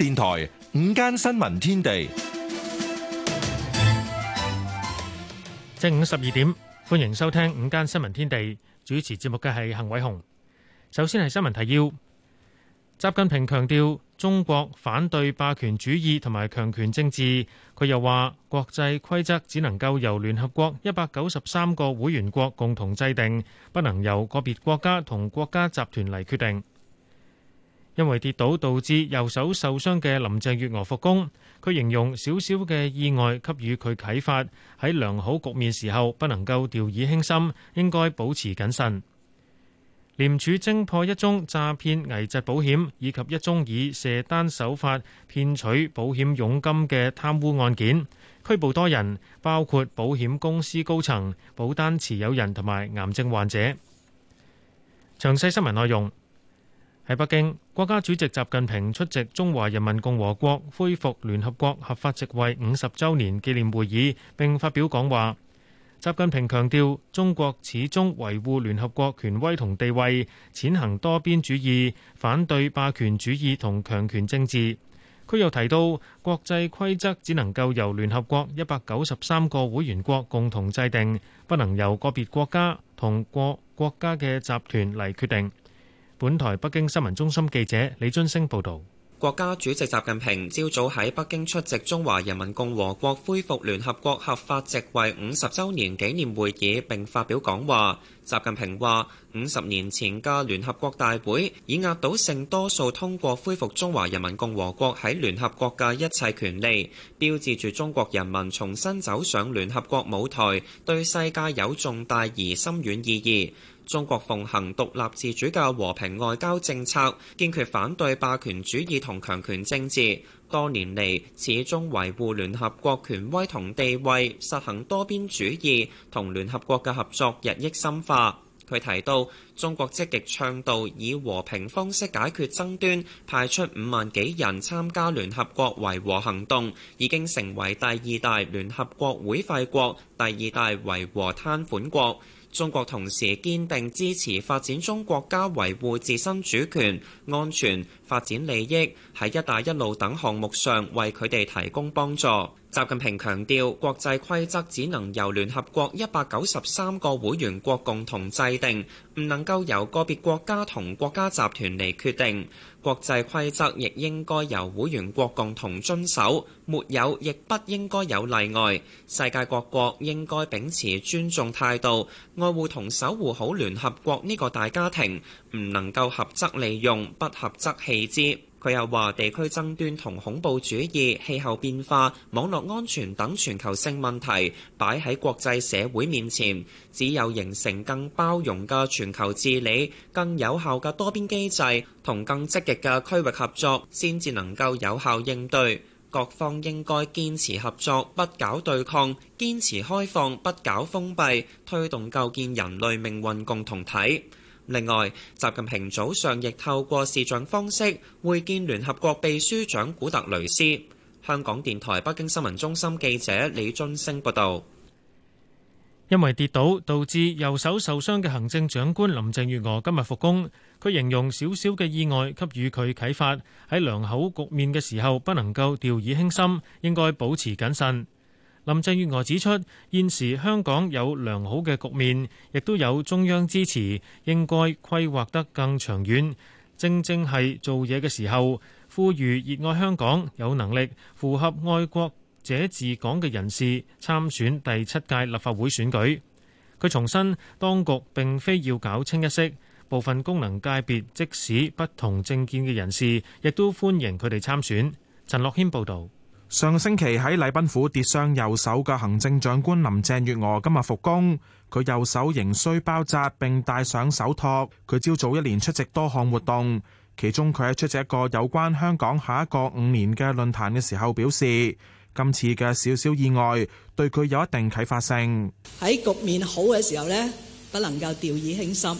電台午間新聞天地，正午十二點，歡迎收聽午間新聞天地。主持節目嘅係幸偉雄。首先係新聞提要：習近平強調中國反對霸權主義同埋強權政治。佢又話國際規則只能夠由聯合國一百九十三個會員國共同制定，不能由個別國家同國家集團嚟決定。因為跌倒導致右手受傷嘅林鄭月娥復工，佢形容少少嘅意外給予佢啟發，喺良好局面時候不能夠掉以輕心，應該保持謹慎。廉署偵破一宗詐騙危疾保險以及一宗以射單手法騙取保險佣金嘅貪污案件，拘捕多人，包括保險公司高層、保單持有人同埋癌症患者。詳細新聞內容。喺北京，國家主席習近平出席中華人民共和國恢復聯合國合法席位五十周年紀念會議，並發表講話。習近平強調中國始終維護聯合國權威同地位，踐行多邊主義，反對霸權主義同強權政治。佢又提到，國際規則只能夠由聯合國一百九十三個會員國共同制定，不能由個別國家同國國家嘅集團嚟決定。本台北京新聞中心記者李津升報道，國家主席習近平朝早喺北京出席中華人民共和國恢復聯合國合法席位五十周年紀念會議，並發表講話。習近平話：五十年前嘅聯合國大會，以壓倒性多數通過恢復中華人民共和國喺聯合國嘅一切權利，標誌住中國人民重新走上聯合國舞台，對世界有重大而深遠意義。中國奉行獨立自主嘅和平外交政策，堅決反對霸權主義同強權政治。多年嚟，始終維護聯合國權威同地位，實行多邊主義，同聯合國嘅合作日益深化。佢提到，中國積極倡導以和平方式解決爭端，派出五萬幾人參加聯合國維和行動，已經成為第二大聯合國會費國、第二大維和攤款國。中國同時堅定支持發展中國家維護自身主權、安全、發展利益，喺「一帶一路」等項目上為佢哋提供幫助。習近平強調，國際規則只能由聯合國一百九十三個會員國共同制定，唔能夠由個別國家同國家集團嚟決定。國際規則亦應該由會員國共同遵守，沒有亦不應該有例外。世界各國應該秉持尊重態度，愛護同守護好聯合國呢個大家庭，唔能夠合則利用，不合則棄之。佢又話：地區爭端同恐怖主義、氣候變化、網絡安全等全球性問題擺喺國際社會面前，只有形成更包容嘅全球治理、更有效嘅多邊機制同更積極嘅區域合作，先至能夠有效應對。各方應該堅持合作，不搞對抗；堅持開放，不搞封閉，推動構建人類命運共同體。另外，習近平早上亦透過視像方式會見聯合國秘書長古特雷斯。香港電台北京新聞中心記者李津星報導，因為跌倒導致右手受傷嘅行政長官林鄭月娥今日復工，佢形容少少嘅意外給予佢啟發，喺良好局面嘅時候不能夠掉以輕心，應該保持謹慎。林鄭月娥指出，現時香港有良好嘅局面，亦都有中央支持，應該規劃得更長遠。正正係做嘢嘅時候，呼籲熱愛香港、有能力、符合愛國者治港嘅人士參選第七屆立法會選舉。佢重申，當局並非要搞清一色，部分功能界別即使不同政見嘅人士，亦都歡迎佢哋參選。陳樂軒報導。上個星期喺禮賓府跌傷右手嘅行政長官林鄭月娥今日復工，佢右手仍需包紮並戴上手托。佢朝早一連出席多項活動，其中佢喺出席一個有關香港下一個五年嘅論壇嘅時候表示，今次嘅少少意外對佢有一定啟發性。喺局面好嘅時候呢，不能夠掉以輕心，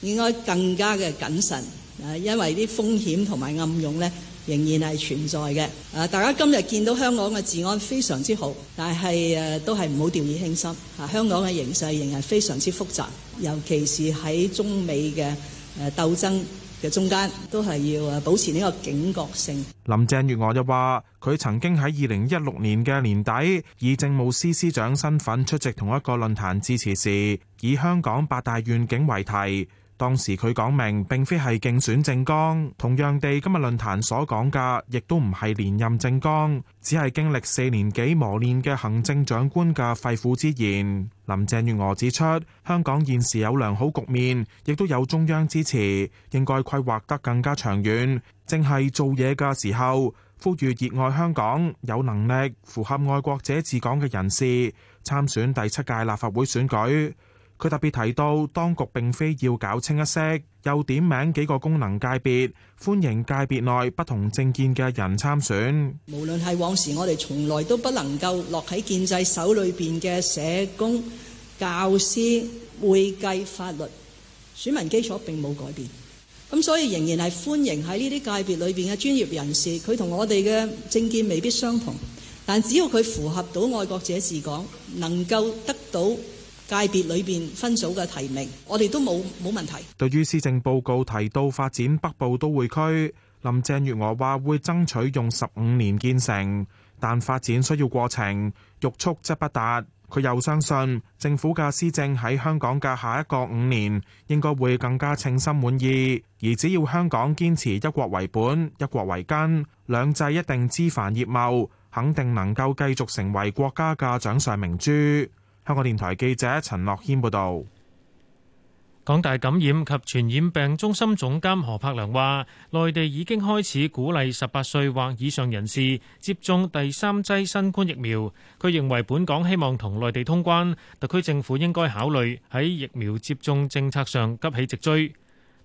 應該更加嘅謹慎。因為啲風險同埋暗湧呢，仍然係存在嘅，啊！大家今日見到香港嘅治安非常之好，但係誒、啊、都係唔好掉以輕心。啊，香港嘅形勢仍然係非常之複雜，尤其是喺中美嘅誒、啊、鬥爭嘅中間，都係要誒保持呢個警覺性。林鄭月娥就話：佢曾經喺二零一六年嘅年底，以政務司司長身份出席同一個論壇致辭時，以香港八大願景為題。當時佢講明並非係競選政綱，同樣地今日論壇所講嘅，亦都唔係連任政綱，只係經歷四年幾磨練嘅行政長官嘅肺腑之言。林鄭月娥指出，香港現時有良好局面，亦都有中央支持，應該規劃得更加長遠，正係做嘢嘅時候，呼籲熱愛香港、有能力、符合愛國者治港嘅人士參選第七屆立法會選舉。佢特別提到，當局並非要搞清一色，又點名幾個功能界別，歡迎界別內不同政見嘅人參選。無論係往時，我哋從來都不能夠落喺建制手裏邊嘅社工、教師、會計、法律、選民基礎並冇改變，咁所以仍然係歡迎喺呢啲界別裏邊嘅專業人士。佢同我哋嘅政見未必相同，但只要佢符合到愛國者治港，能夠得到。界別裏邊分組嘅提名，我哋都冇冇問題。對於施政報告提到發展北部都會區，林鄭月娥話會爭取用十五年建成，但發展需要過程，欲速則不達。佢又相信政府嘅施政喺香港嘅下一個五年應該會更加稱心滿意，而只要香港堅持一國為本、一國為根，兩制一定枝繁葉茂，肯定能夠繼續成為國家嘅掌上明珠。香港電台記者陳樂謙報道，港大感染及傳染病中心總監何柏良話，內地已經開始鼓勵十八歲或以上人士接種第三劑新冠疫苗。佢認為，本港希望同內地通關，特區政府應該考慮喺疫苗接種政策上急起直追。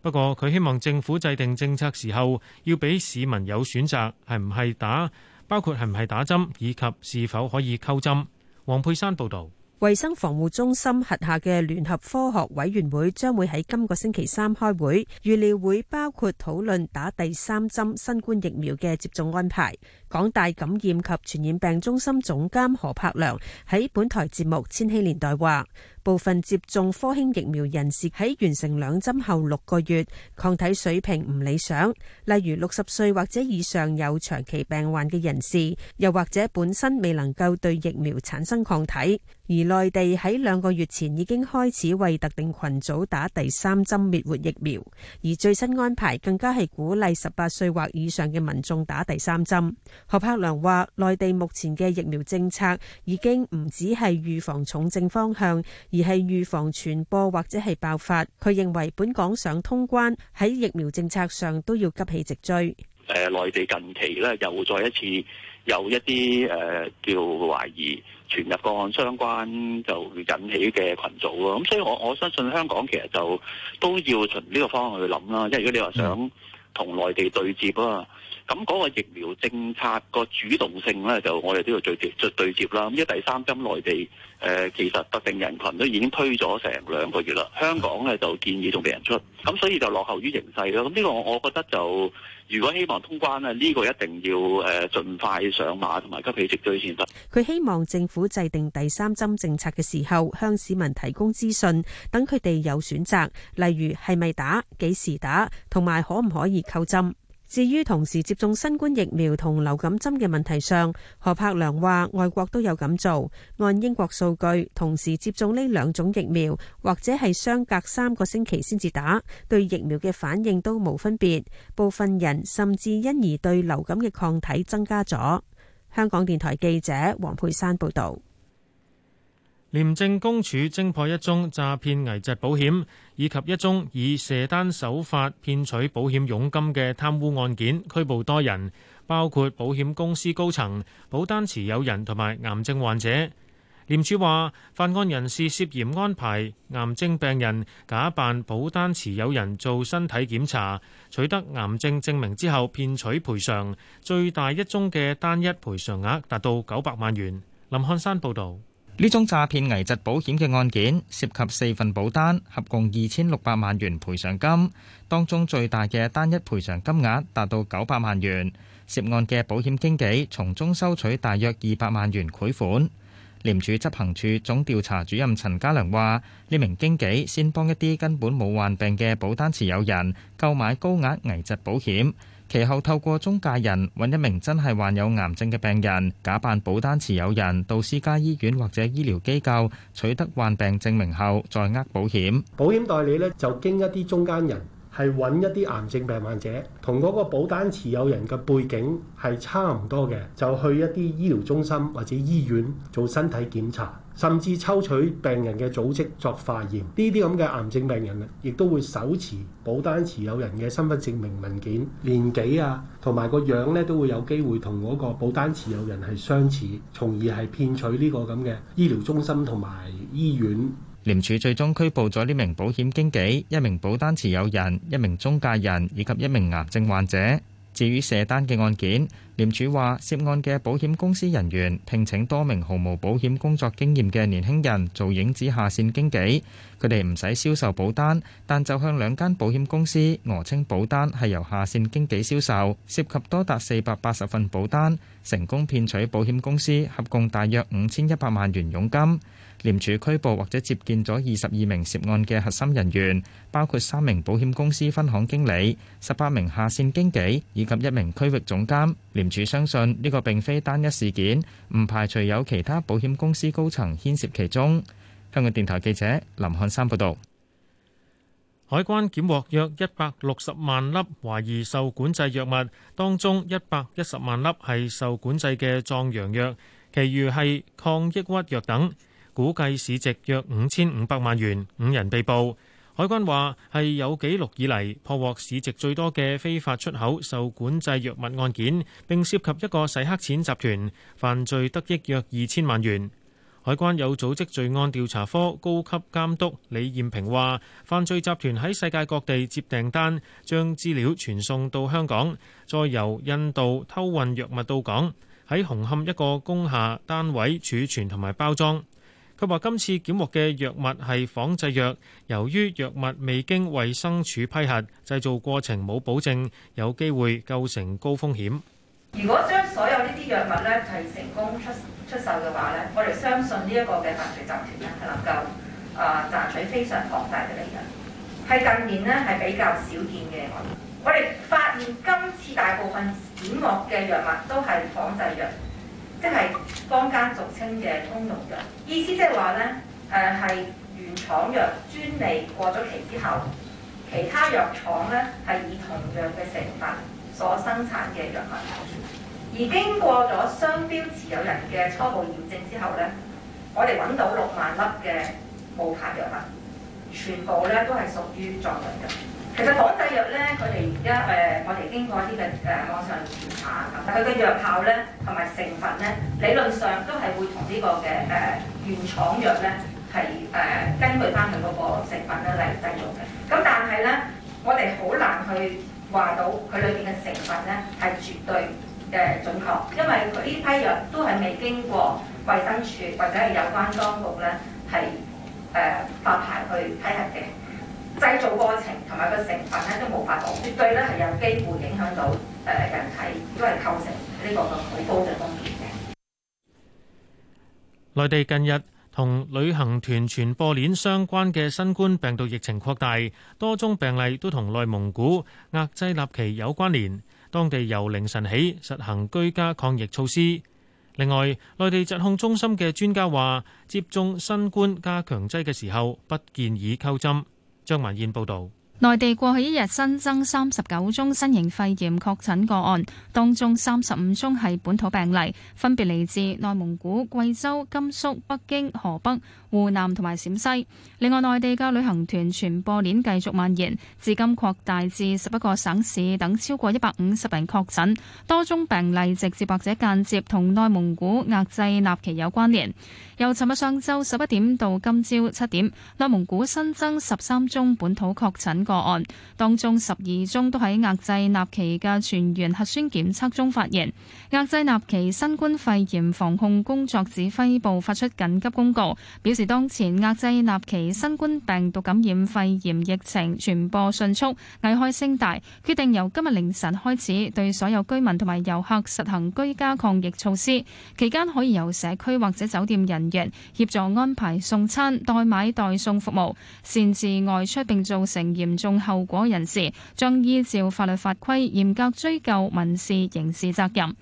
不過，佢希望政府制定政策時候要俾市民有選擇，係唔係打，包括係唔係打針，以及是否可以溝針。黃佩珊報道。衛生防護中心轄下嘅聯合科學委員會將會喺今個星期三開會，預料會包括討論打第三針新冠疫苗嘅接種安排。港大感染及傳染病中心總監何柏良喺本台節目《千禧年代》話，部分接種科興疫苗人士喺完成兩針後六個月抗體水平唔理想，例如六十歲或者以上有長期病患嘅人士，又或者本身未能夠對疫苗產生抗體，而內地喺兩個月前已經開始為特定群組打第三針滅活疫苗，而最新安排更加係鼓勵十八歲或以上嘅民眾打第三針。何柏良話：內地目前嘅疫苗政策已經唔只係預防重症方向，而係預防傳播或者係爆發。佢認為本港想通關喺疫苗政策上都要急起直追。誒，內地近期咧又再一次有一啲誒叫懷疑傳入個案相關，就引起嘅群組咯。咁所以我我相信香港其實就都要從呢個方向去諗啦。因為如果你話想同內地對接啊。咁嗰個疫苗政策個主動性咧，就我哋都要對接對接啦。咁而第三針內地誒、呃，其實特定人群都已經推咗成兩個月啦。香港咧就建議仲俾人出，咁，所以就落後於形勢啦。咁呢個我我覺得就如果希望通關咧，呢個一定要誒盡快上馬同埋急起直追先得。佢希望政府制定第三針政策嘅時候，向市民提供資訊，等佢哋有選擇，例如係咪打、幾時打，同埋可唔可以扣針。至於同時接種新冠疫苗同流感針嘅問題上，何柏良話，外國都有咁做，按英國數據，同時接種呢兩種疫苗，或者係相隔三個星期先至打，對疫苗嘅反應都冇分別，部分人甚至因而對流感嘅抗體增加咗。香港電台記者黃佩珊報道。廉政公署偵破一宗詐騙危疾保險，以及一宗以射單手法騙取保險佣金嘅貪污案件，拘捕多人，包括保險公司高層、保單持有人同埋癌症患者。廉署話，犯案人士涉嫌安排癌症病人假扮保單持有人做身體檢查，取得癌症證明之後騙取賠償，最大一宗嘅單一賠償額達到九百萬元。林漢山報導。呢宗詐騙危疾保險嘅案件涉及四份保單，合共二千六百萬元賠償金，當中最大嘅單一賠償金額達到九百萬元。涉案嘅保險經紀從中收取大約二百萬元賄款。廉署執行處總調查主任陳家良話：呢名經紀先幫一啲根本冇患病嘅保單持有人購買高額危疾保險。其後透過中介人揾一名真係患有癌症嘅病人，假扮保單持有人到私家醫院或者醫療機構取得患病證明後，再呃保險。保險代理呢，就經一啲中間人。係揾一啲癌症病患者，同嗰個保單持有人嘅背景係差唔多嘅，就去一啲醫療中心或者醫院做身體檢查，甚至抽取病人嘅組織作化驗。呢啲咁嘅癌症病人亦都會手持保單持有人嘅身份證明文件、年紀啊，同埋個樣呢都會有機會同嗰個保單持有人係相似，從而係騙取呢個咁嘅醫療中心同埋醫院。廉署最終拘捕咗呢名保險經紀、一名保單持有人、一名中介人以及一名癌症患者。至於卸單嘅案件，廉署話涉案嘅保險公司人員聘請多名毫無保險工作經驗嘅年輕人做影子下線經紀，佢哋唔使銷售保單，但就向兩間保險公司訛稱保單係由下線經紀銷售，涉及多達四百八十份保單，成功騙取保險公司合共大約五千一百萬元佣金。廉署拘捕或者接見咗二十二名涉案嘅核心人員，包括三名保險公司分行經理、十八名下線經紀以及一名區域總監。廉署相信呢個並非單一事件，唔排除有其他保險公司高層牽涉其中。香港電台記者林漢山報道：海關檢獲約一百六十萬粒懷疑受管制藥物，當中一百一十萬粒係受管制嘅壯陽藥，其餘係抗抑鬱藥等。估計市值約五千五百萬元，五人被捕。海關話係有記錄以嚟破獲市值最多嘅非法出口受管制藥物案件，並涉及一個洗黑錢集團，犯罪得益約二千萬元。海關有組織罪案調查科高級監督李豔平話：犯罪集團喺世界各地接訂單，將資料傳送到香港，再由印度偷運藥物到港，喺紅磡一個工廈單位儲存同埋包裝。佢話：今次檢獲嘅藥物係仿製藥，由於藥物未經衛生署批核，製造過程冇保證，有機會構成高風險。如果將所有呢啲藥物咧係成功出出售嘅話咧，我哋相信呢一個嘅犯罪集團咧係能夠啊賺取非常龐大嘅利潤，係近年咧係比較少見嘅案。我哋發現今次大部分檢獲嘅藥物都係仿製藥。即係坊間俗稱嘅通用藥，意思即係話咧，誒係原廠藥專利過咗期之後，其他藥廠咧係以同樣嘅成分所生產嘅藥物，而經過咗商標持有人嘅初步驗證之後咧，我哋揾到六萬粒嘅冒牌藥物，全部咧都係屬於壯陽藥。其實仿製藥咧，佢哋而家誒，我哋經過一啲嘅誒網上調查，但佢嘅藥效咧同埋成分咧，理論上都係會同呢個嘅誒原廠藥咧係誒根據翻佢嗰個成分咧嚟製造嘅。咁但係咧，我哋好難去話到佢裏邊嘅成分咧係絕對嘅準確，因為佢呢批藥都係未經過衛生署或者係有關當局咧係誒發牌去批核嘅。製造過程同埋個成分呢，都無法講，絕對呢，係有機會影響到誒人體，因為構成呢個嘅最高嘅風險嘅。內地近日同旅行團傳播鏈相關嘅新冠病毒疫情擴大，多宗病例都同內蒙古額濟納旗有關聯。當地由凌晨起實行居家抗疫措施。另外，內地疾控中心嘅專家話，接種新冠加強劑嘅時候，不建議溝針。張文燕報道。內地過去一日新增三十九宗新型肺炎確診個案，當中三十五宗係本土病例，分別嚟自內蒙古、貴州、甘肅、北京、河北、湖南同埋陝西。另外，內地嘅旅行團傳播鏈繼續，繼續蔓延，至今擴大至十一個省市，等超過一百五十人確診，多宗病例直接或者間接同內蒙古額濟納旗有關聯。由尋日上晝十一點到今朝七點，內蒙古新增十三宗本土確診個案。個案當中十二宗都喺額濟納旗嘅全員核酸檢測中發現。額濟納旗新冠肺炎防控工作指揮部發出緊急公告，表示當前額濟納旗新冠病毒感染肺炎疫情傳播迅速，危害聲大，決定由今日凌晨開始對所有居民同埋遊客實行居家抗疫措施。期間可以由社區或者酒店人員協助安排送餐、代買、代送服務，擅自外出並造成嚴重重後果人士將依照法律法規嚴格追究民事、刑事責任。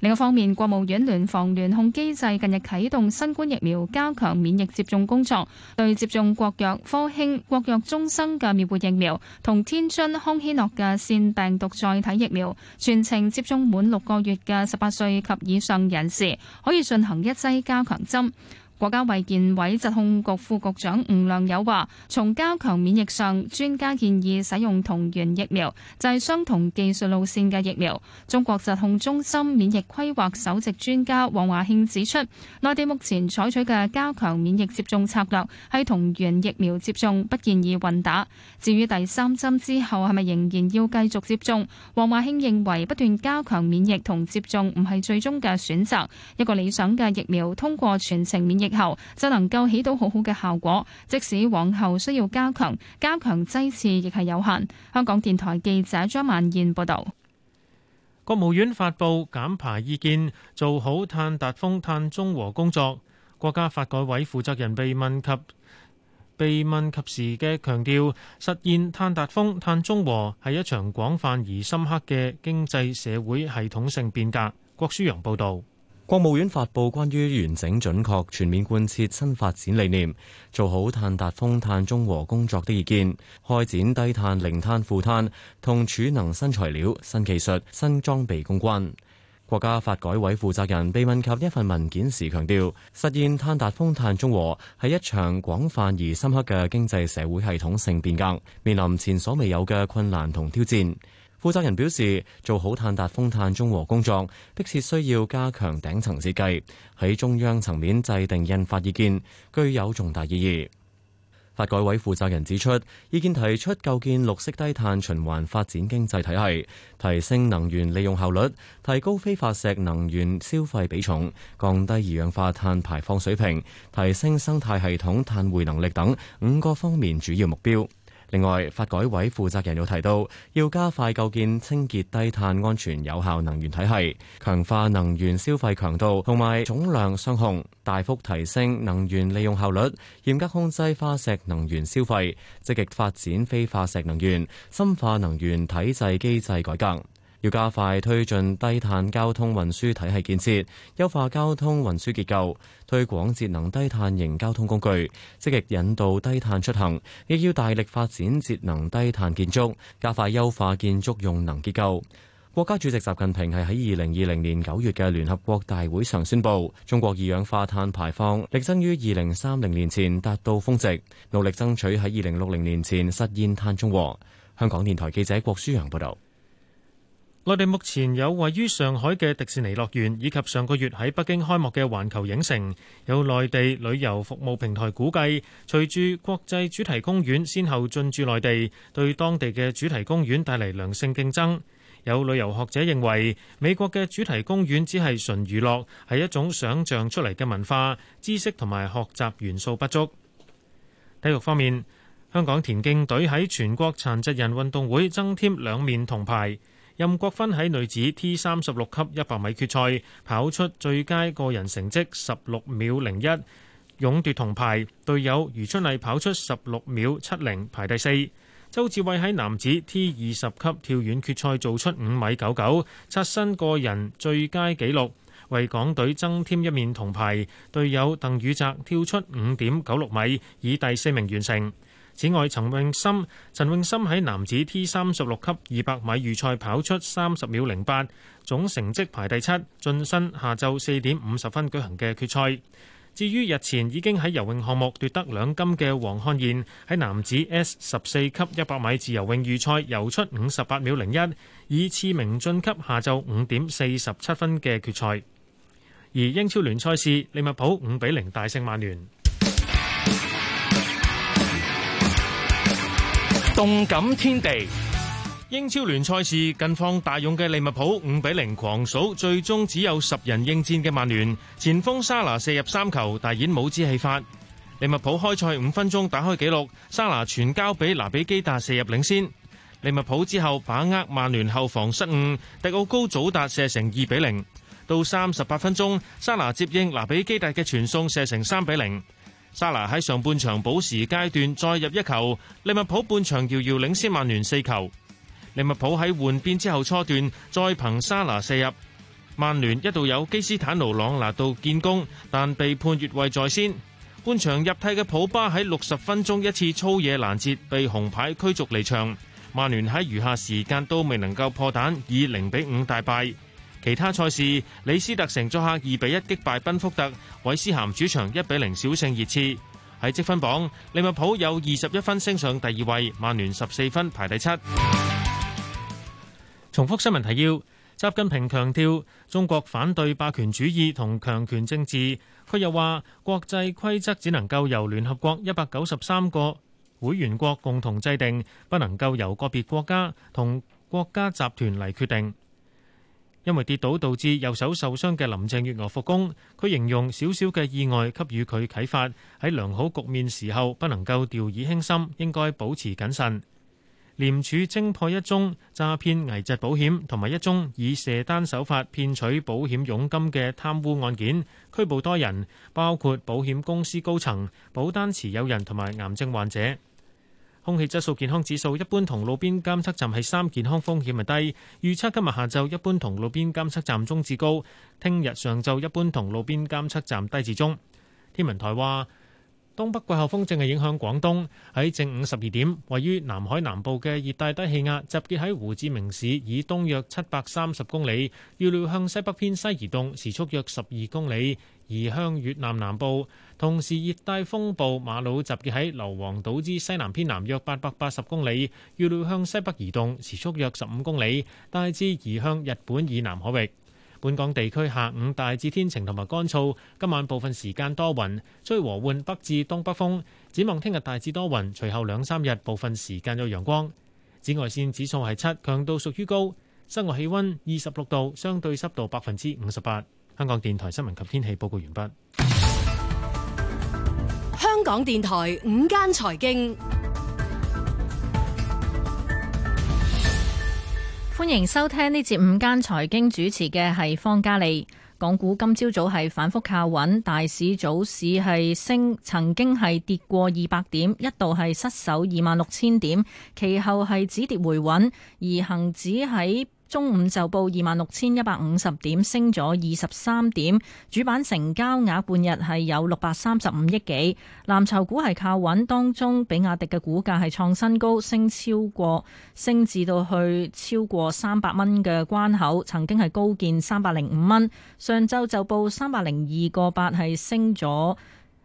另一方面，國務院聯防聯控機制近日啟動新冠疫苗加強免疫接種工作，對接種國藥、科興、國藥中生嘅滅活疫苗同天津康希諾嘅腺病毒載體疫苗全程接種滿六個月嘅十八歲及以上人士，可以進行一劑加強針。國家衛健委疾控局副局長吳良有話，從加強免疫上，專家建議使用同源疫苗，就係、是、相同技術路線嘅疫苗。中國疾控中心免疫規劃首席專家王華慶指出，內地目前採取嘅加強免疫接種策略係同源疫苗接種，不建議混打。至於第三針之後係咪仍然要繼續接種？王華慶認為，不斷加強免疫同接種唔係最終嘅選擇，一個理想嘅疫苗通過全程免疫。疫後就能夠起到好好嘅效果，即使往後需要加強，加強劑次亦係有限。香港電台記者張萬燕報道。國務院發布減排意見，做好碳達峰、碳中和工作。國家發改委負責人被問及被問及時嘅強調，實現碳達峰、碳中和係一場廣泛而深刻嘅經濟社會系統性變革。郭舒陽報導。國務院發布關於完整準確全面貫徹新發展理念、做好碳達峰碳中和工作的意見，開展低碳、零碳、負碳同儲能新材料、新技術、新裝備攻關。國家發改委負責人被問及一份文件時強調，實現碳達峰碳中和係一場廣泛而深刻嘅經濟社會系統性變革，面臨前所未有嘅困難同挑戰。負責人表示，做好碳達峰、碳中和工作，迫切需要加強頂層設計，喺中央層面制定印發意見，具有重大意義。發改委負責人指出，意見提出構建綠色低碳循環發展經濟體系，提升能源利用效率，提高非化石能源消費比重，降低二氧化碳排放水平，提升生態系統碳匯能力等五個方面主要目標。另外，發改委負責人又提到，要加快構建清潔低碳、安全有效能源體系，強化能源消費強度同埋總量雙控，大幅提升能源利用效率，嚴格控制化石能源消費，積極發展非化石能源，深化能源體制機制改革。要加快推進低碳交通運輸體系建設，優化交通運輸結構，推廣節能低碳型交通工具，積極引導低碳出行。亦要大力發展節能低碳建築，加快優化建築用能結構。國家主席習近平係喺二零二零年九月嘅聯合國大會上宣布，中國二氧化碳排放力爭於二零三零年前達到峰值，努力爭取喺二零六零年前實現碳中和。香港電台記者郭舒陽報道。內地目前有位於上海嘅迪士尼樂園，以及上個月喺北京開幕嘅環球影城。有內地旅遊服務平台估計，隨住國際主題公園先後進駐內地，對當地嘅主題公園帶嚟良性競爭。有旅遊學者認為，美國嘅主題公園只係純娛樂，係一種想像出嚟嘅文化、知識同埋學習元素不足。體育方面，香港田徑隊喺全國殘疾人運動會增添兩面銅牌。任國芬喺女子 T 三十六級一百米決賽跑出最佳個人成績十六秒零一，勇奪銅牌。隊友余春麗跑出十六秒七零排第四。周志偉喺男子 T 二十級跳遠決賽做出五米九九，刷新個人最佳紀錄，為港隊增添一面銅牌。隊友鄧宇澤跳出五點九六米，以第四名完成。此外，陳泳森陳泳森喺男子 T 三十六級二百米預賽跑出三十秒零八，總成績排第七，晉身下晝四點五十分舉行嘅決賽。至於日前已經喺游泳項目奪得兩金嘅黃漢燕，喺男子 S 十四級一百米自由泳預賽游出五十八秒零一，以次名晉級下晝五點四十七分嘅決賽。而英超聯賽事利物浦五比零大勝曼聯。動感天地！英超聯賽事近況：大勇嘅利物浦五比零狂掃最終只有十人應戰嘅曼聯，前鋒沙拿射入三球，大演帽子戲法。利物浦開賽五分鐘打開紀錄，沙拿傳交俾拿比基達射入領先。利物浦之後把握曼聯後防失誤，迪奧高祖達射成二比零。到三十八分鐘，沙拿接應拿比基達嘅傳送射成三比零。沙拿喺上半場補時階段再入一球，利物浦半場遙遙領先曼聯四球。利物浦喺換邊之後初段再憑沙拿射入，曼聯一度有基斯坦奴朗拿度建功，但被判越位在先。半場入替嘅普巴喺六十分鐘一次粗野攔截，被紅牌驅逐離場。曼聯喺餘下時間都未能夠破蛋，以零比五大敗。其他賽事，李斯特城作客二比一擊敗賓福特，韋斯咸主場一比零小勝熱刺。喺積分榜，利物浦有二十一分升上第二位，曼聯十四分排第七。 重複新聞提要：習近平強調中國反對霸權主義同強權政治。佢又話，國際規則只能夠由聯合國一百九十三個會員國共同制定，不能夠由個別國家同國家集團嚟決定。因為跌倒導致右手受傷嘅林鄭月娥復工，佢形容小小嘅意外給予佢啟發，喺良好局面時候不能夠掉以輕心，應該保持謹慎。廉署偵破一宗詐騙危疾保險同埋一宗以射單手法騙取保險佣金嘅貪污案件，拘捕多人，包括保險公司高層、保單持有人同埋癌症患者。.空氣質素健康指數一般同路邊監測站係三，健康風險係低，預測今日下晝一般同路邊監測站中至高，聽日上晝一般同路邊監測站低至中。天文台話，東北季候風正係影響廣東。喺正午十二點，位於南海南部嘅熱帶低氣壓集結喺胡志明市以東約七百三十公里，預料向西北偏西移動，時速約十二公里，移向越南南部。同時，熱帶風暴馬路集結喺硫磺島之西南偏南約八百八十公里，預料向西北移動，時速約十五公里，大致移向日本以南海域。本港地區下午大致天晴同埋乾燥，今晚部分時間多雲，吹和緩北至東北風。展望聽日大致多雲，隨後兩三日部分時間有陽光。紫外線指數係七，強度屬於高。室外氣温二十六度，相對濕度百分之五十八。香港電台新聞及天氣報告完畢。港電台午間財經，歡迎收聽呢節午間財經主持嘅係方嘉利。港股今朝早係反覆靠穩，大市早市係升，曾經係跌過二百點，一度係失守二萬六千點，其後係止跌回穩，而恒指喺。中午就報二萬六千一百五十點，升咗二十三點。主板成交額半日係有六百三十五億幾。藍籌股係靠穩，當中比亞迪嘅股價係創新高，升超過升至到去超過三百蚊嘅關口，曾經係高見三百零五蚊。上晝就報三百零二個八，係升咗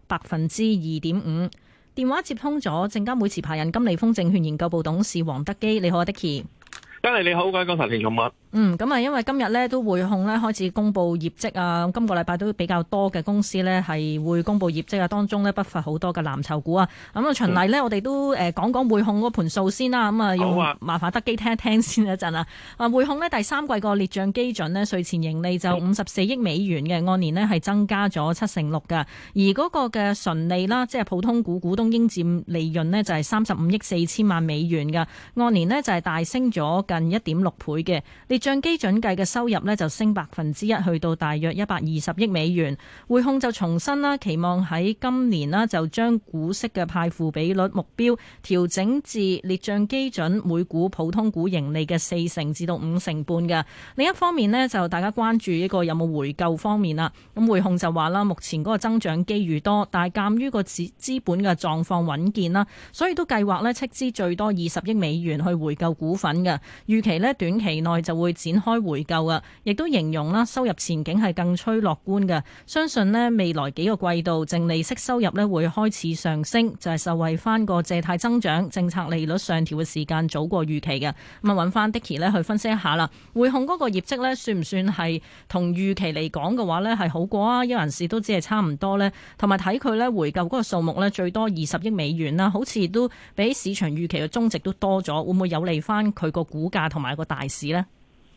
百分之二點五。電話接通咗證監會持牌人金利豐證券研究部董事黃德基，你好啊，迪奇。各位你好，我係江華田寵物。 嗯，咁啊，因為今日呢都匯控呢開始公布業績啊，今個禮拜都比較多嘅公司呢係會公布業績啊，當中呢，不乏好多嘅藍籌股啊。咁啊、嗯，循例呢，我哋都誒講講匯控嗰盤數先啦。咁啊，好啊，麻煩得機聽一聽先一陣啊。啊，匯控呢第三季個列賬基準呢，稅前盈利就五十四億美元嘅，按年呢係增加咗七成六嘅。而嗰個嘅純利啦，即係普通股股東應佔利潤呢，就係三十五億四千萬美元嘅，按年呢，就係大升咗近一點六倍嘅。賬基準計嘅收入呢，就升百分之一，去到大約一百二十億美元。匯控就重申啦，期望喺今年呢，就將股息嘅派付比率目標調整至列賬基準每股普通股盈利嘅四成至到五成半㗎。另一方面呢，就大家關注呢個有冇回購方面啦。咁匯控就話啦，目前嗰個增長機遇多，但係鑒於個資本嘅狀況穩健啦，所以都計劃呢斥資最多二十億美元去回購股份㗎。預期呢，短期內就會。展開回購啊，亦都形容啦，收入前景係更趨樂觀嘅。相信呢未來幾個季度淨利息收入呢會開始上升，就係受惠翻個借貸增長、政策利率上調嘅時間早過預期嘅。咁啊，搵翻 Dicky 呢去分析一下啦。匯控嗰個業績呢算唔算係同預期嚟講嘅話呢？係好過啊？有人士都只係差唔多呢。同埋睇佢呢回購嗰個數目呢，最多二十億美元啦，好似都比市場預期嘅中值都多咗，會唔會有利翻佢個股價同埋個大市呢？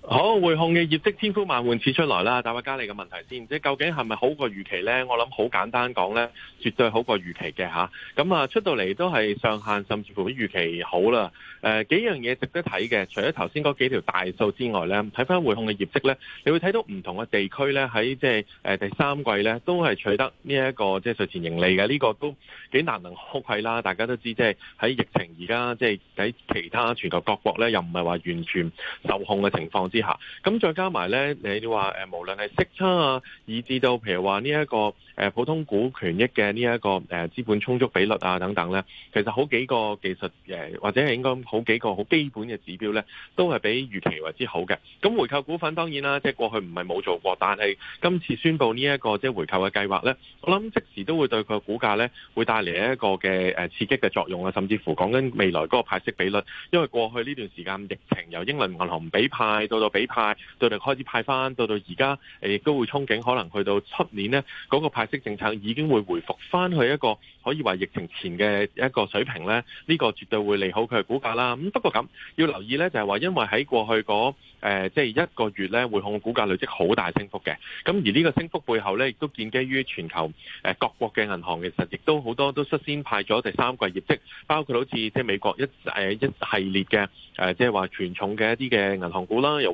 好，匯控嘅業績千呼萬喚始出來啦，答位加利嘅問題先，即係究竟係咪好過預期咧？我諗好簡單講咧，絕對好過預期嘅吓。咁啊，出到嚟都係上限，甚至乎比預期好啦。誒、呃，幾樣嘢值得睇嘅，除咗頭先嗰幾條大數之外咧，睇翻匯控嘅業績咧，你會睇到唔同嘅地區咧，喺即係誒、呃、第三季咧都係取得呢、這、一個即係稅前盈利嘅，呢、這個都幾難能可貴啦。大家都知即係喺疫情而家即係喺其他全球各國咧，又唔係話完全受控嘅情況。之下，咁再加埋咧，你話誒，無論係息差啊，以至到譬如話呢一個誒普通股權益嘅呢一個誒資本充足比率啊等等咧，其實好幾個技術誒，或者係應該好幾個好基本嘅指標咧，都係比預期為之好嘅。咁回購股份當然啦，即係過去唔係冇做過，但係今次宣布呢一個即係回購嘅計劃咧，我諗即時都會對佢嘅股價咧會帶嚟一個嘅誒刺激嘅作用啊，甚至乎講緊未來嗰個派息比率，因為過去呢段時間疫情由英倫銀行唔俾派到。到俾派，到嚟開始派翻，到到而家，誒亦都會憧憬，可能去到出年咧，嗰個派息政策已經會回復翻去一個可以話疫情前嘅一個水平咧。呢個絕對會利好佢嘅股價啦。咁不過咁要留意咧，就係話因為喺過去嗰誒即係一個月咧，匯控嘅股價累積好大升幅嘅。咁而呢個升幅背後咧，亦都建基於全球誒各國嘅銀行其實亦都好多都率先派咗第三季業績，包括到好似即係美國一誒一系列嘅誒即係話權重嘅一啲嘅銀行股啦，由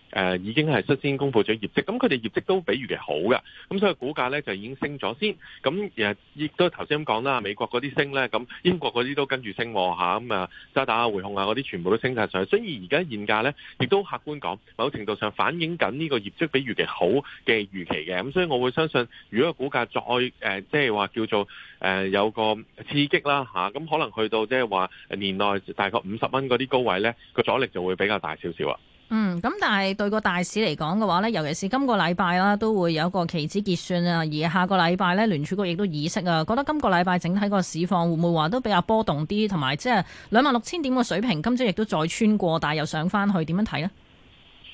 誒已經係率先公佈咗業績，咁佢哋業績都比預期好嘅，咁所以股價咧就已經升咗先。咁其實亦都頭先咁講啦，美國嗰啲升咧，咁英國嗰啲都跟住升喎嚇，咁啊渣、啊、打匯控啊嗰啲全部都升曬上，所以而家現價咧亦都客觀講某程度上反映緊呢個業績比預期好嘅預期嘅。咁所以我會相信，如果股價再誒、呃、即係話叫做誒、呃、有個刺激啦吓，咁、啊、可能去到即係話年內大概五十蚊嗰啲高位咧，個阻力就會比較大少少啊。嗯，咁但係對個大市嚟講嘅話咧，尤其是今個禮拜啦，都會有一個期指結算啊，而下個禮拜咧，聯儲局亦都議息啊，覺得今個禮拜整體個市況會唔會話都比較波動啲，同埋即係兩萬六千點個水平，今朝亦都再穿過，但係又上返去，點樣睇呢？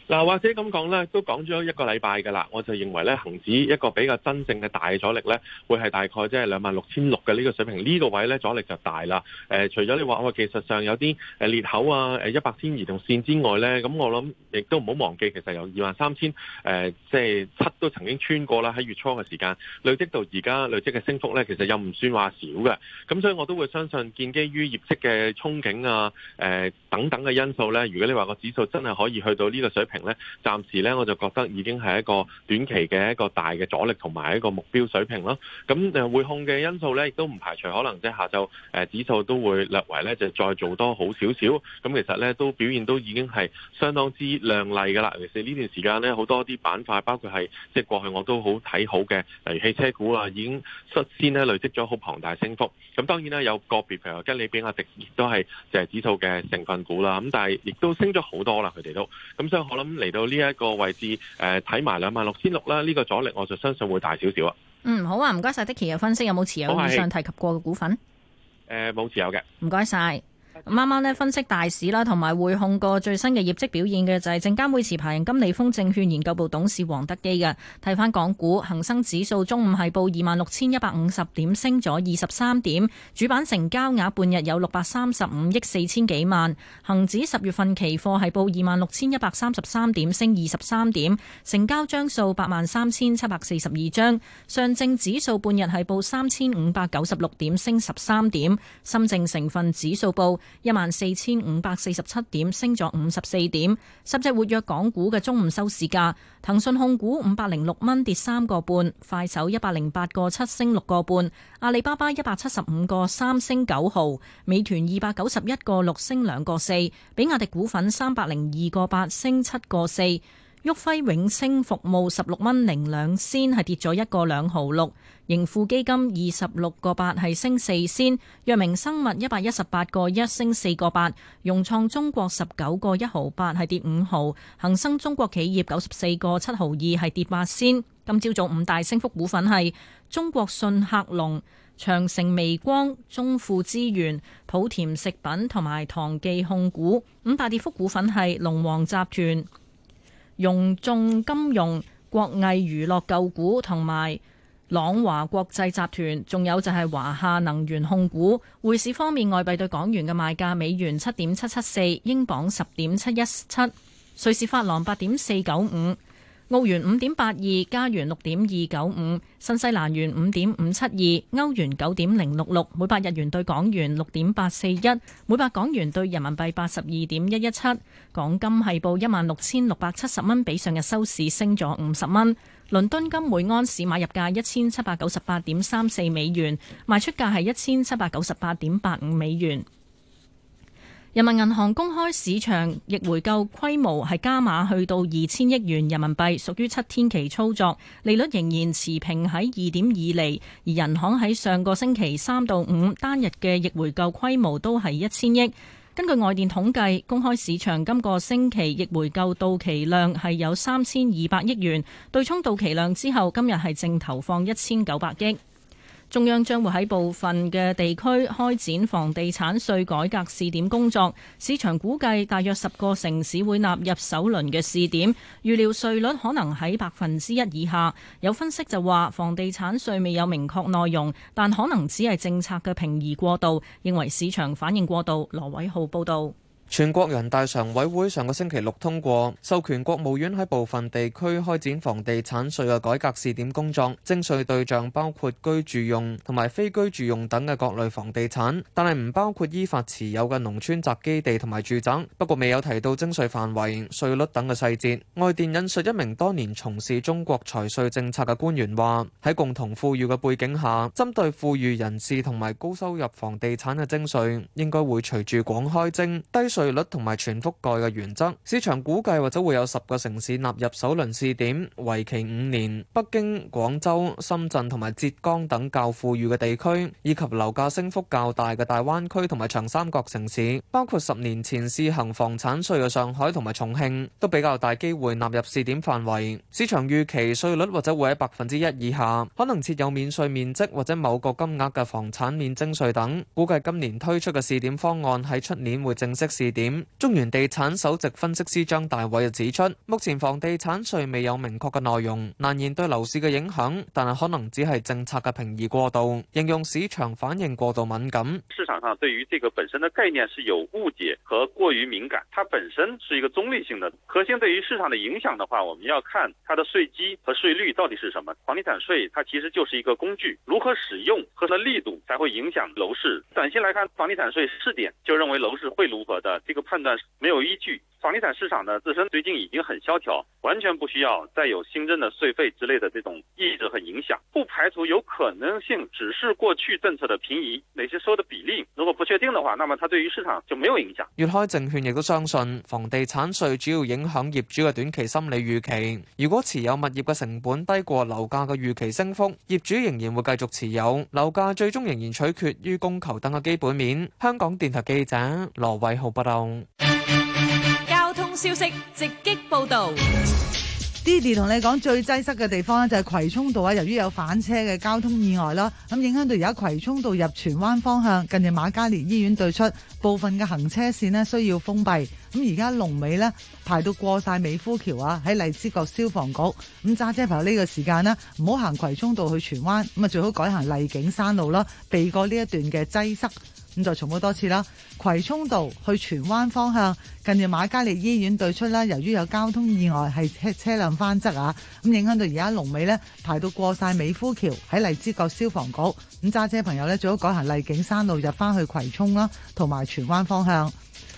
嗱，或者咁講呢，都講咗一個禮拜㗎啦。我就認為呢，恒指一個比較真正嘅大阻力呢，會係大概即係兩萬六千六嘅呢個水平，呢、呢個位呢，阻力就大啦。誒、呃，除咗你話我技術上有啲誒裂口啊、誒一百天移動線之外呢，咁我諗亦都唔好忘記，其實有二萬三千誒即係七都曾經穿過啦。喺月初嘅時間累積到而家累積嘅升幅呢，其實又唔算話少嘅。咁所以我都會相信，建基於業績嘅憧憬啊、誒、呃、等等嘅因素呢，如果你話個指數真係可以去到呢個水平，咧，暫時咧我就覺得已經係一個短期嘅一個大嘅阻力同埋一個目標水平咯。咁誒匯控嘅因素咧，亦都唔排除可能即係下晝誒指數都會略為咧就再做多好少少。咁其實咧都表現都已經係相當之靚麗㗎啦。尤其是呢段時間咧，好多啲板塊，包括係即係過去我都好睇好嘅，例如汽車股啊，已經率先咧累積咗好龐大升幅。咁當然啦有個別譬如話吉利、比亞迪都係成指數嘅成分股啦。咁但係亦都升咗好多啦，佢哋都。咁所以可能。咁嚟到呢一個位置，誒睇埋兩萬六千六啦，呢個阻力我就相信會大少少啊。嗯，好啊，唔該晒。Dicky 嘅分析，有冇持有以上提及過嘅股份？誒、嗯，冇持有嘅。唔該晒。啱啱呢分析大市啦，同埋匯控個最新嘅業績表現嘅就係證監會持牌人金利豐證券研究部董事黃德基嘅。睇翻港股，恒生指數中午係報二萬六千一百五十點，升咗二十三點，主板成交額半日有六百三十五億四千幾萬，恒指十月份期貨係報二萬六千一百三十三點，升二十三點，成交張數八萬三千七百四十二張，上證指數半日係報三千五百九十六點，升十三點，深證成分指數報一萬四千五百四十七點，升咗五十四點。十隻活躍港股嘅中午收市價：騰訊控股五百零六蚊，跌三個半。快手一百零八個七升六個半。阿里巴巴一百七十五個三升九毫。美團二百九十一個六升兩個四。比亞迪股份三百零二個八升七個四。旭輝永升服務十六蚊零兩仙，係跌咗一個兩毫六，盈富基金二十六個八係升四仙，藥明生物一百一十八個一升四個八，融創中國十九個一毫八係跌五毫，恒生中國企業九十四個七毫二係跌八仙。今朝早五大升幅股份係中國信、客隆、長城微光、中富資源、普田食品同埋唐記控股。五大跌幅股份係龍王集團。融眾金融、國藝娛樂舊股，同埋朗華國際集團，仲有就係華夏能源控股。匯市方面，外幣對港元嘅賣價：美元七點七七四，英鎊十點七一七，瑞士法郎八點四九五。澳元五點八二，加元六點二九五，新西蘭元五點五七二，歐元九點零六六，每百日元對港元六點八四一，每百港元對人民幣八十二點一一七。港金係報一萬六千六百七十蚊，比上日收市升咗五十蚊。倫敦金每安士買入價一千七百九十八點三四美元，賣出價係一千七百九十八點八五美元。人民銀行公開市場逆回購規模係加碼去到二千億元人民幣，屬於七天期操作，利率仍然持平喺二點二厘，而人行喺上個星期三到五單日嘅逆回購規模都係一千億。根據外電統計，公開市場今個星期逆回購到期量係有三千二百億元，對沖到期量之後，今日係淨投放一千九百億。中央將會喺部分嘅地區開展房地產稅改革試點工作，市場估計大約十個城市會納入首輪嘅試點，預料稅率可能喺百分之一以下。有分析就話，房地產稅未有明確內容，但可能只係政策嘅平移過渡，認為市場反應過度。羅偉浩報道。全國人大常委會上個星期六通過授權國務院喺部分地區開展房地產稅嘅改革試點工作，徵稅對象包括居住用同埋非居住用等嘅各類房地產，但係唔包括依法持有嘅農村宅基地同埋住宅。不過未有提到徵稅範圍、稅率等嘅細節。外電引述一名多年從事中國財稅政策嘅官員話：喺共同富裕嘅背景下，針對富裕人士同埋高收入房地產嘅徵稅，應該會隨住廣開徵低。稅率同埋全覆蓋嘅原則，市場估計或者會有十個城市納入首輪試點，為期五年。北京、廣州、深圳同埋浙江等較富裕嘅地區，以及樓價升幅較大嘅大灣區同埋長三角城市，包括十年前試行房產稅嘅上海同埋重慶，都比較大機會納入試點範圍。市場預期稅率或者會喺百分之一以下，可能設有免稅面積或者某個金額嘅房產免徵稅等。估計今年推出嘅試點方案喺出年會正式試。地點中原地產首席分析師張大偉就指出，目前房地產稅未有明確嘅內容，難言對樓市嘅影響，但係可能只係政策嘅平移過度，形容市場反應過度敏感。市場上對於這個本身的概念是有誤解和過於敏感，它本身是一個中立性的。核心對於市場的影響的話，我們要看它的稅基和稅率到底是什麼。房地產稅它其實就是一個工具，如何使用和它力度才會影響樓市。短線來看，房地產稅試點就認為樓市會如何的？這個判斷沒有依據。房地產市場呢，自身最近已經很蕭條，完全不需要再有新增的稅費之類的這種抑制和影響。不排除有可能性，只是過去政策的平移，哪些收的比例如果不確定的話，那麼它對於市場就沒有影響。粵開證券亦都相信，房地產稅主要影響業主嘅短期心理預期。如果持有物業嘅成本低過樓價嘅預期升幅，業主仍然會繼續持有。樓價最終仍然取決於供求等嘅基本面。香港電台記者羅偉浩報道。消息直擊報道，Didi 同你講最擠塞嘅地方咧就係葵涌道啊，由於有反車嘅交通意外咯，咁影響到而家葵涌道入荃灣方向，近日瑪嘉烈醫院對出部分嘅行車線咧需要封閉，咁而家龍尾咧排到過晒美孚橋啊，喺荔枝角消防局，咁揸車朋友呢個時間咧唔好行葵涌道去荃灣，咁啊最好改行荔景山路咯，避過呢一段嘅擠塞。咁再重複多次啦，葵涌道去荃灣方向，近日瑪嘉烈醫院對出啦，由於有交通意外係車車輛翻側啊，咁影響到而家龍尾咧排到過晒美孚橋，喺荔枝角消防局，咁、嗯、揸車朋友咧最好改行荔景山路入翻去葵涌啦，同埋荃灣方向。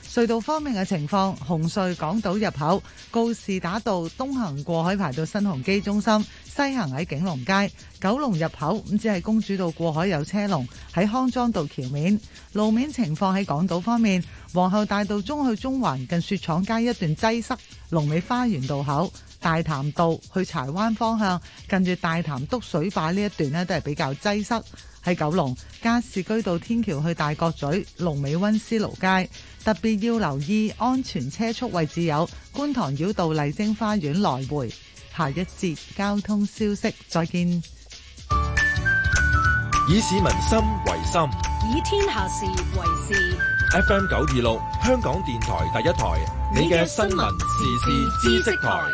隧道方面嘅情況，紅隧港島入口告士打道東行過海排到新鴻基中心，西行喺景隆街九龍入口。咁只係公主道過海有車龍，喺康莊道橋面。路面情況喺港島方面，皇后大道中去中環近雪廠街一段擠塞，龍尾花園道口。大潭道去柴灣方向，近住大潭篤水壩呢一段呢，都係比較擠塞。喺九龍加士居道天橋去大角咀、龍尾溫思勞街，特別要留意安全車速位置，有觀塘繞道麗晶花園來回。下一節交通消息，再見。以市民心為心，以天下事為事。FM 九二六，香港電台第一台，你嘅新聞時事知識台。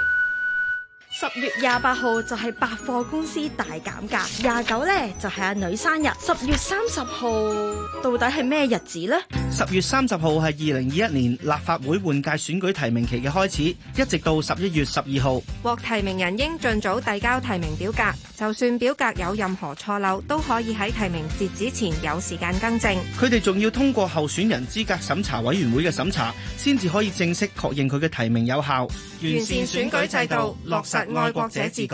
十月廿八號就係百貨公司大減價，廿九咧就係阿女生日。十月三十號到底係咩日子呢？十月三十號係二零二一年立法會換屆選舉提名期嘅開始，一直到十一月十二號，獲提名人應盡早遞交提名表格。就算表格有任何錯漏，都可以喺提名截止前有時間更正。佢哋仲要通過候選人資格審查委員會嘅審查，先至可以正式確認佢嘅提名有效。完善選舉制度，落實。愛國者治國。